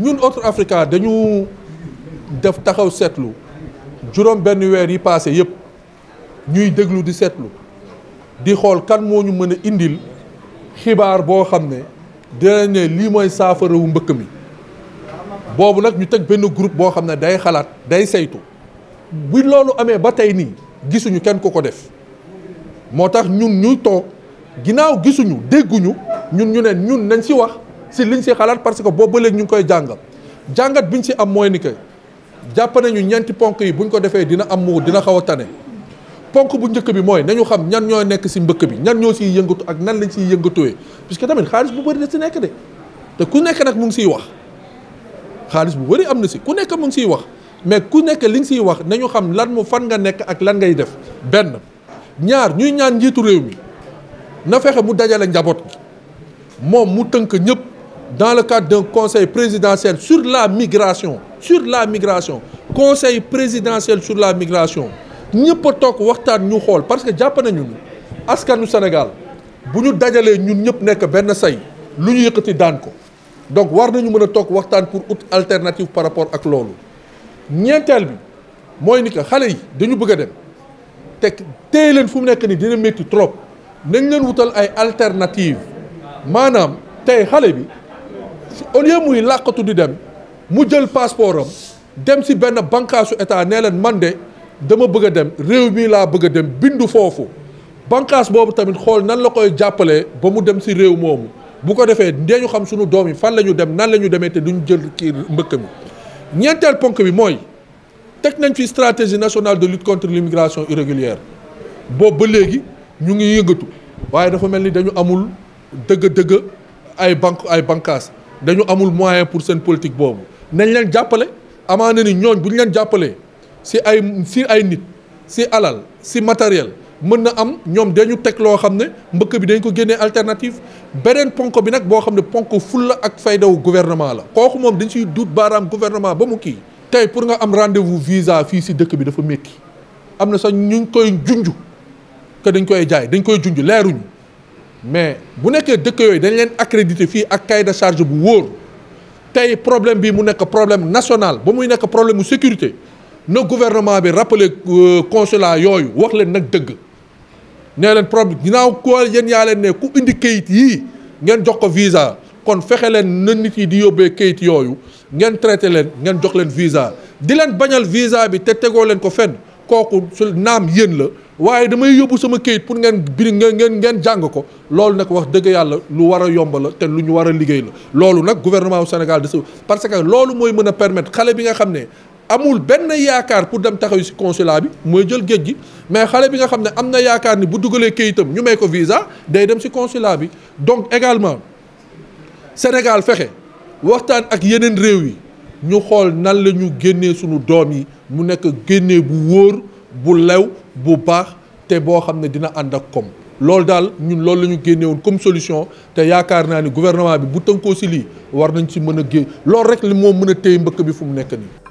ñun Otra-Africa dañu def taxaw seetlu juróom benn weer yi passé yëpp ñuy déglu di seetlu di xool kan moo ñu mën a indil xibaar boo xam ne dina ne lii mooy saafarawu mbëkk mi boobu nag ñu teg benn groupe boo xam ne day xalaat day saytu bu loolu amee ba tey nii gisuñu kenn ko ko def moo tax ñun ñu toog ginnaaw gisuñu dégguñu ñun ñu ne ñun nañ si wax si liñ si xalaat parce que boo ba ñu ngi koy jàngal jàngat biñ si am mooy ni que jàpp nañu ñeenti ponk yi buñ ko defee dina am mu dina xaw a tane ponk bu njëkk bi mooy nañu xam ñan ñoo nekk si mbëkk bi ñan ñoo siy yëngatu ak nan lañ siy yëngatuwee puisque tamit xaalis bu bëri da si nekk de te ku nekk nag mu ngi siy wax xaalis bu bëri am na si ku nekk mu ngi siy wax mais ku nekk li nga siy wax nañu xam lan mu fan nga nekk ak lan ngay def benn ñaar ñuy ñaan njiitu réew mi. na fexe mu dajale njaboot gi moom mu tënk ñëpp dans le cadre d'un conseil présidentiel sur la migration sur la migration conseil présidentiel sur la migration ñëpp a toog waxtaan ñu xool parce que jàpp nañu ni askanu Sénégal bu ñu dajalee ñun ñëpp nekk benn say lu ñu yëkkati daan ko donc war nañu mën a toog waxtaan pour ut alternative par rapport ak loolu ñeenteel bi mooy ni que xale yi dañu bëgg a dem te téye leen fu mu nekk nii dina métti trop. nañ leen wutal ay alternative maanaam tey xale bi au lieu muy làqatu di dem mu jël passeport dem si benn bànqaasu état nee leen man de dama bëgg dem réew mii laa bëgg a dem bindu foofu bànqaas boobu tamit xool nan la koy jàppalee ba mu dem si réew moomu bu ko defee dañu xam sunu doom yi fan la ñu dem nan la ñu demee te duñu jël kii mbëkk mi ñeenteel ponk bi mooy teg nañ fi stratégie nationale de lutte contre l'immigration irrégulière boobu ba léegi ñu ngi yëngatu waaye dafa mel ni dañu amul dëgg-dëgg ay banque ay bànqaas dañu amul moyen pour seen politique boobu nañ leen jàppale amaana ni ñooñ bu ñu leen jàppalee si ay si ay nit si alal si matériel mën na am ñoom dañu teg loo xam ne mbëkk bi dañ ko génnee alternative beneen ponk bi nag boo xam ne ponk fulla ak faydawu gouvernement la kooku moom dañ siy duut baaraam gouvernement ba mu kii tey pour nga am rendez-vous visa fii si dëkk bi dafa métti am na sax ñu ngi koy junju que dañ koy jaay dañ koy junj leeruñu mais bu nekkee dëkk yooyu dañ leen accrédité fii ak cahier de charge bu wóor tey problème bii mu nekk problème national ba muy nekk problème mu sécurité na gouvernement bi rappelé euh, consulat yooyu wax leen nag dëgg nee leen problème ginnaaw ko yéen yaa leen ne ku indi kayit yii ngeen jox ko visa kon fexe leen na nit yi di yóbbee kayit yooyu ngeen traité leen ngeen jox leen visa di leen bañal visa bi te tegoo leen ko fenn kooku su yéen la waaye damay yóbbu sama kayit pour ngeen biri ngeen ngeen jàng ko loolu nag wax dëgg yàlla lu war a yomb la te lu ñu war a liggéey la loolu nag gouvernement wu Sénégal de parce que loolu mooy mën a permettre xale bi nga xam ne amul benn yaakaar pour dem taxaw si consulat bi mooy jël géej gi mais xale bi nga xam ne am na yaakaar ni bu dugalee kayitam ñu may ko visa day dem si consulat bi donc également Sénégal fexe waxtaan ak yeneen réew yi ñu xool nan la ñu génnee suñu doom yi mu nekk génnee bu wóor bu lew bu baax te boo xam ne dina ànd ak koom loolu daal ñun loolu lañu ñu comme solution te yaakaar naa ni gouvernement bi bu tënkoo si lii war nañ si mën a génn loolu rek li moo mën a téye mbëkk bi fu mu nekk nii.